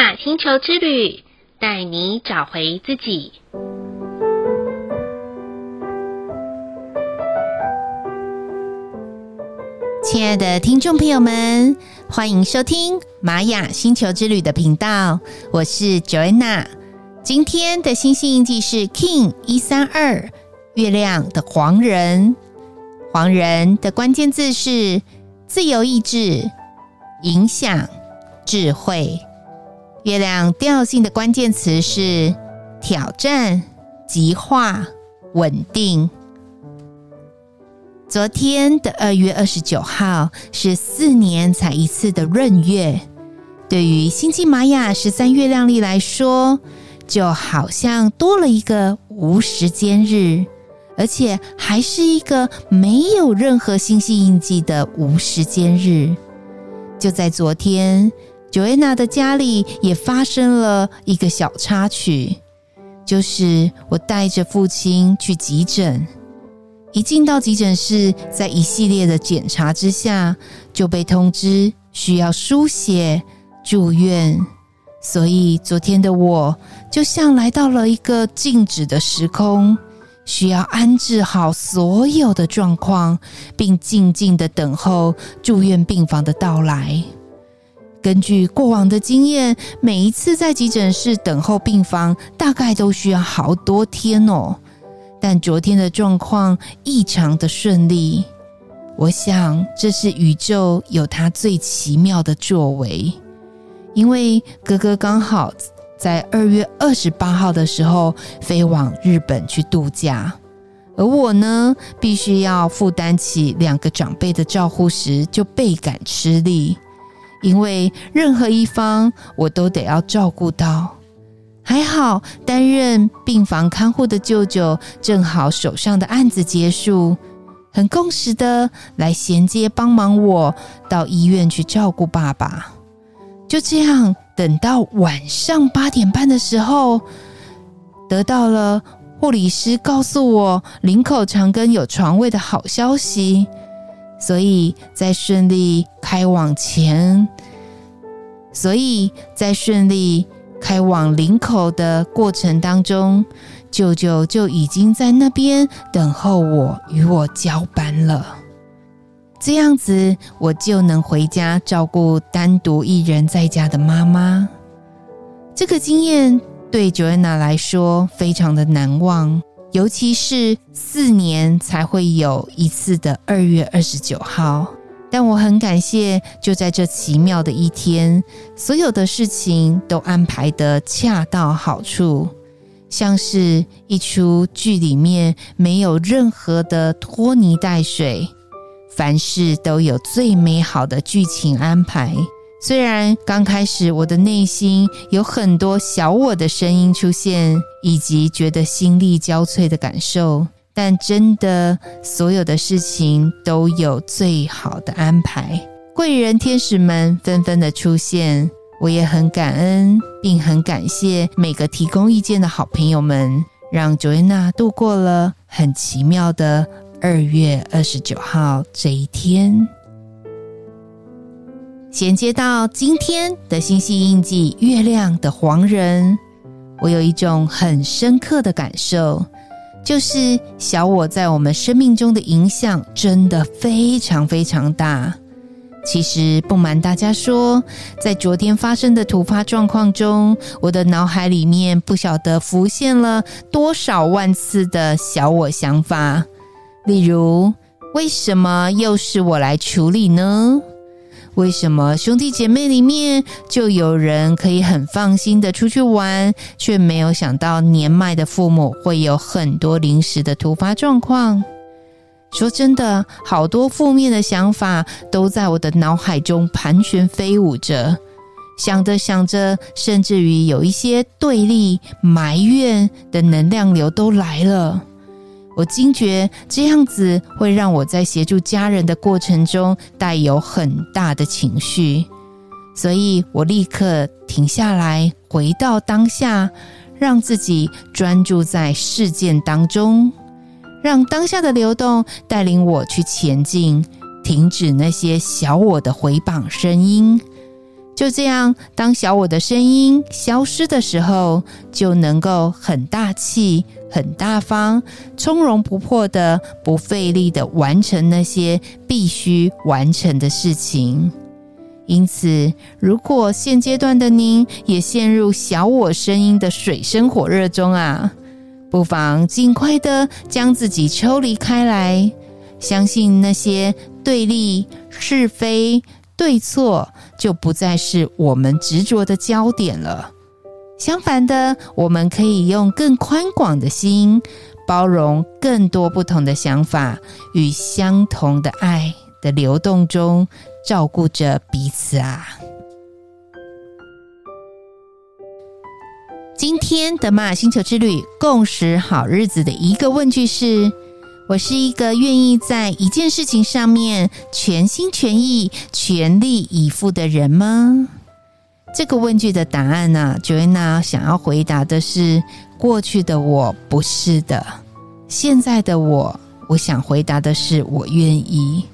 瑪雅星球之旅，帶你找回自己。親愛的聽眾朋友們，歡迎收聽瑪雅星球之旅的頻道，我是 Joanna。今天的星星印記是 Kin 一三二，月亮的黃人，黃人的關鍵字是自由意志、影響、智慧。月亮調性的關鍵詞是挑戰、極化、穩定。昨天的二月二十九號是四年才一次的閏月，對於星際瑪雅十三月亮曆來說，就好像多了一個無時間日，而且還是一個沒有任何星系印記的無時間日。就在昨天。Joanna 的家裡也發生了一個小插曲，就是我帶着父親去急診，一進到急診室，在一系列的檢查之下，就被通知需要輸血住院。所以昨天的我，就像來到了一個靜止的時空，需要安置好所有的狀況，並靜靜的等候住院病房的到來。根據過往的經驗，每一次在急診室等候病房，大概都需要好多天哦。但昨天的狀況異常的順利，我想這是宇宙有它最奇妙的作為。因為哥哥剛好在二月二十八號的時候飛往日本去度假，而我呢，必須要負擔起兩個長輩的照顧時，就倍感吃力。因為任何一方我都得要照顧到，還好擔任病房看護的舅舅正好手上的案子結束，很共時的來銜接幫忙我到醫院去照顧爸爸。就這樣，等到晚上八點半的時候，得到了護理師告訴我林口長庚有床位的好消息。所以在順利開往前，所以在順利開往林口的過程當中，舅舅就已經在那邊等候我，與我交班了。這樣子，我就能回家照顧單獨一人在家的媽媽。這個經驗對 Joanna 來說非常的難忘。尤其是四年才會有一次的二月二十九號，但我很感謝，就在這奇妙的一天，所有的事情都安排得恰到好處，像是一齣劇裡面沒有任何的拖泥帶水，凡事都有最美好的劇情安排。雖然剛開始，我的內心有很多小我的聲音出現，以及覺得心力交瘁的感受，但真的，所有的事情都有最好的安排。貴人、天使們紛紛的出現，我也很感恩，並很感謝每個提供意見的好朋友們，讓 Joanna 度過了很奇妙的二月二十九號這一天。銜接到今天的星系印記，月亮的黃人，我有一種很深刻的感受，就是小我在我們生命中的影響真的非常非常大。其實不瞞大家說，在昨天發生的突發狀況中，我的腦海裡面不曉得浮現了多少萬次的小我想法，例如為什麼又是我來處理呢？為什麼兄弟姐妹裡面就有人可以很放心的出去玩，卻沒有想到年邁的父母會有很多臨時的突發狀況？說真的，好多負面的想法都在我的腦海中盤旋飛舞着，想着想着，甚至於有一些對立、埋怨的能量流都來了。我驚覺這樣子會讓我在協助家人的過程中帶有很大的情緒，所以我立刻停下來，回到當下，讓自己專注在事件當中，讓當下的流動帶領我去前進，停止那些小我的回綁聲音。就這樣，當小我的聲音消失的時候，就能夠很大氣、很大方、從容不迫的、不費力的完成那些必須完成的事情。因此，如果現階段的您也陷入小我聲音的水深火熱中啊，不妨儘快的將自己抽離開來，相信那些對立、是非、對錯就不再是我們執着的焦點了。相反的，我們可以用更寬廣的心，包容更多不同的想法，與相同的愛的流動中，照顧着彼此啊。今天的瑪雅星球之旅共時好日子的一個問句是。我是一個願意在一件事情上面全心全意、全力以赴的人嗎？這個問句的答案呢，啊，Joanna 想要回答的是：過去的我不是的，現在的我，我想回答的是：我願意。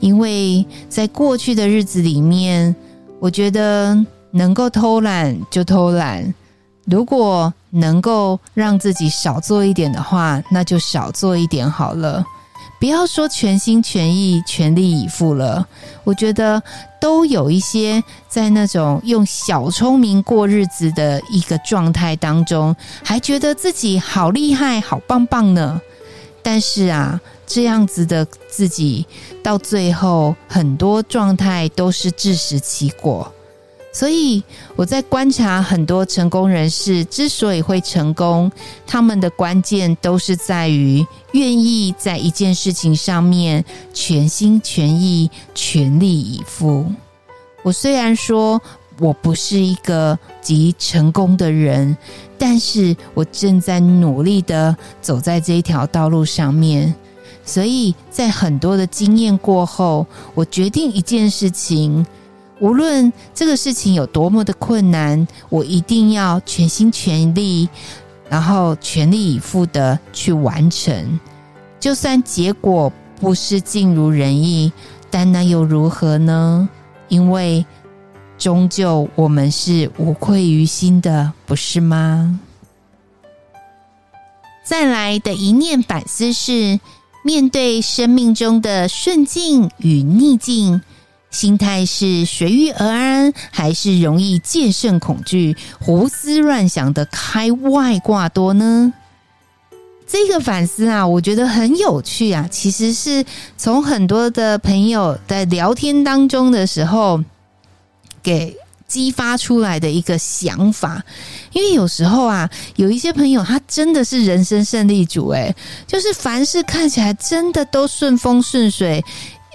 因為在過去的日子裡面，我覺得能夠偷懶就偷懶。如果能夠讓自己少做一點的話，那就少做一點好了。不要說全心全意、全力以赴了。我覺得都有一些在那種用小聰明過日子的一個狀態當中，還覺得自己好厲害、好棒棒呢。但是啊，這樣子的自己到最後，很多狀態都是自食其果。所以，我在觀察很多成功人士之所以會成功，他們的關鍵都是在於願意在一件事情上面全心全意、全力以赴。我雖然說我不是一個極成功的人，但是我正在努力的走在這一條道路上面。所以在很多的經驗過後，我決定一件事情。無論這個事情有多麼的困難，我一定要全心全力，然後全力以赴的去完成。就算結果不是盡如人意，但那又如何呢？因為終究我們是無愧於心的，不是嗎？再來的一念反思是：面對生命中的順境與逆境。心態是隨遇而安，還是容易戒慎恐懼、胡思亂想的開外掛多呢？這個反思啊，我覺得很有趣啊。其實是從很多的朋友在聊天當中的時候，給激發出來的一個想法。因為有時候啊，有一些朋友他真的是人生勝利組誒、欸，就是凡事看起來真的都順風順水。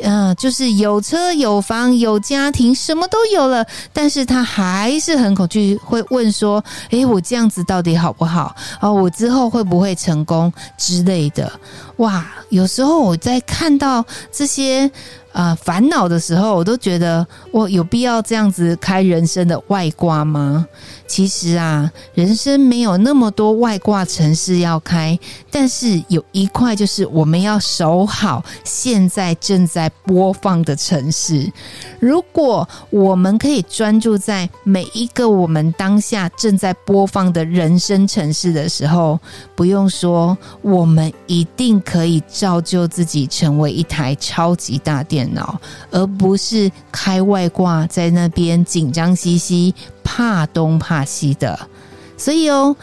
嗯，就是有車有房有家庭，什麼都有了，但是他還是很恐懼，會問說：“誒，我這樣子到底好不好？哦，我之後會不會成功之類的？”哇，有時候我在看到這些。啊、呃，煩惱的時候，我都覺得我有必要這樣子開人生的外掛嗎？其實啊，人生沒有那麼多外掛程式要開，但是有一塊就是我們要守好現在正在播放的程式。如果我們可以專注在每一個我們當下正在播放的人生程式的時候，不用說，我們一定可以造就自己成為一台超級大電。而不是開外掛在那邊緊張兮兮、怕東怕西的。所以哦，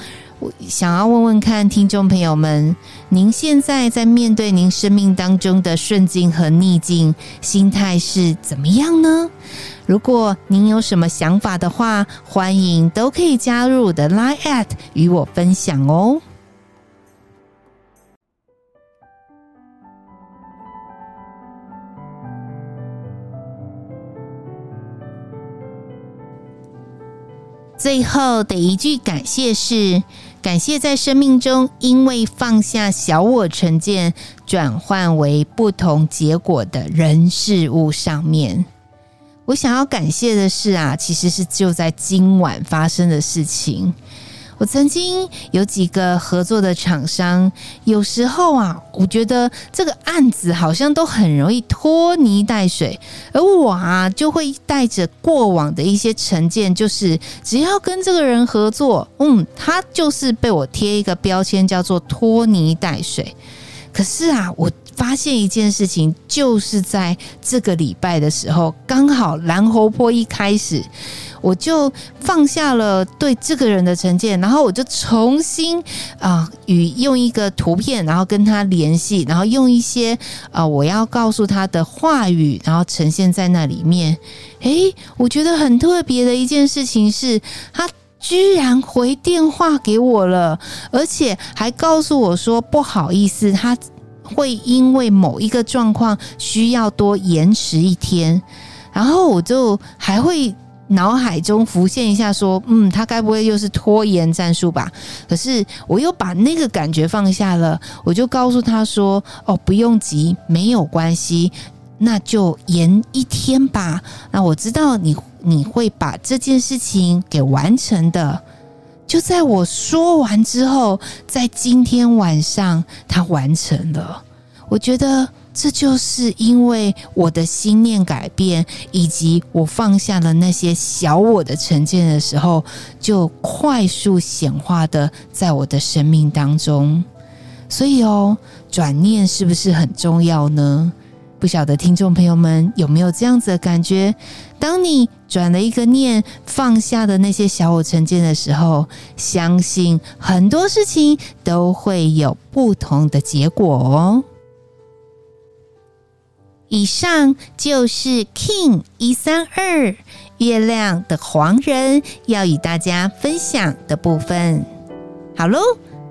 想要問問看聽眾朋友們，您現在在面對您生命當中的順境和逆境，心態是怎麼樣呢？如果您有什麼想法的話，歡迎都可以加入我的 LINE@ 與我分享哦。最後的一句感謝是：感謝在生命中，因為放下小我成見，轉換為不同結果的人事物上面。我想要感謝的是啊，其實是就在今晚發生的事情。我曾經有幾個合作的廠商，有時候啊，我覺得這個案子好像都很容易拖泥帶水，而我啊就會帶着過往的一些成見，就是只要跟這個人合作，嗯，他就是被我貼一個標籤叫做拖泥帶水。可是啊，我發現一件事情，就是在這個禮拜的時候，剛好藍猴波一開始。我就放下了對這個人的成見，然後我就重新啊、呃，與用一個圖片，然後跟他聯繫，然後用一些啊、呃，我要告訴他的話語，然後呈現在那裡面。誒，我覺得很特別的一件事情是，他居然回電話給我了，而且還告訴我說不好意思，他會因為某一個狀況需要多延遲一天，然後我就還會。腦海中浮現一下，說：“嗯，他該不會又是拖延戰術吧？”可是我又把那個感覺放下了，我就告訴他說：“哦，不用急，沒有關係，那就延一天吧。”那我知道你你會把這件事情給完成的。就在我說完之後，在今天晚上，他完成了。我覺得，這就是因為我的心念改變，以及我放下了那些小我的成見的時候，就快速顯化的在我的生命當中。所以哦，轉念是不是很重要呢？不曉得聽眾朋友們有沒有這樣子的感覺？當你轉了一個念，放下的那些小我成見的時候，相信很多事情都會有不同的結果哦。以上就是 Kin 一三二月亮的黃人要與大家分享的部分。好嘍，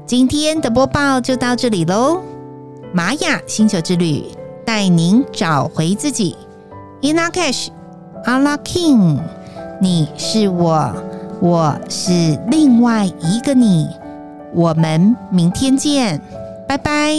今天的播報就到這裡嘍。瑪雅星球之旅帶您找回自己。In Lak'ech, A La K'in，你是我，我是另外一個你。我們明天見，拜拜。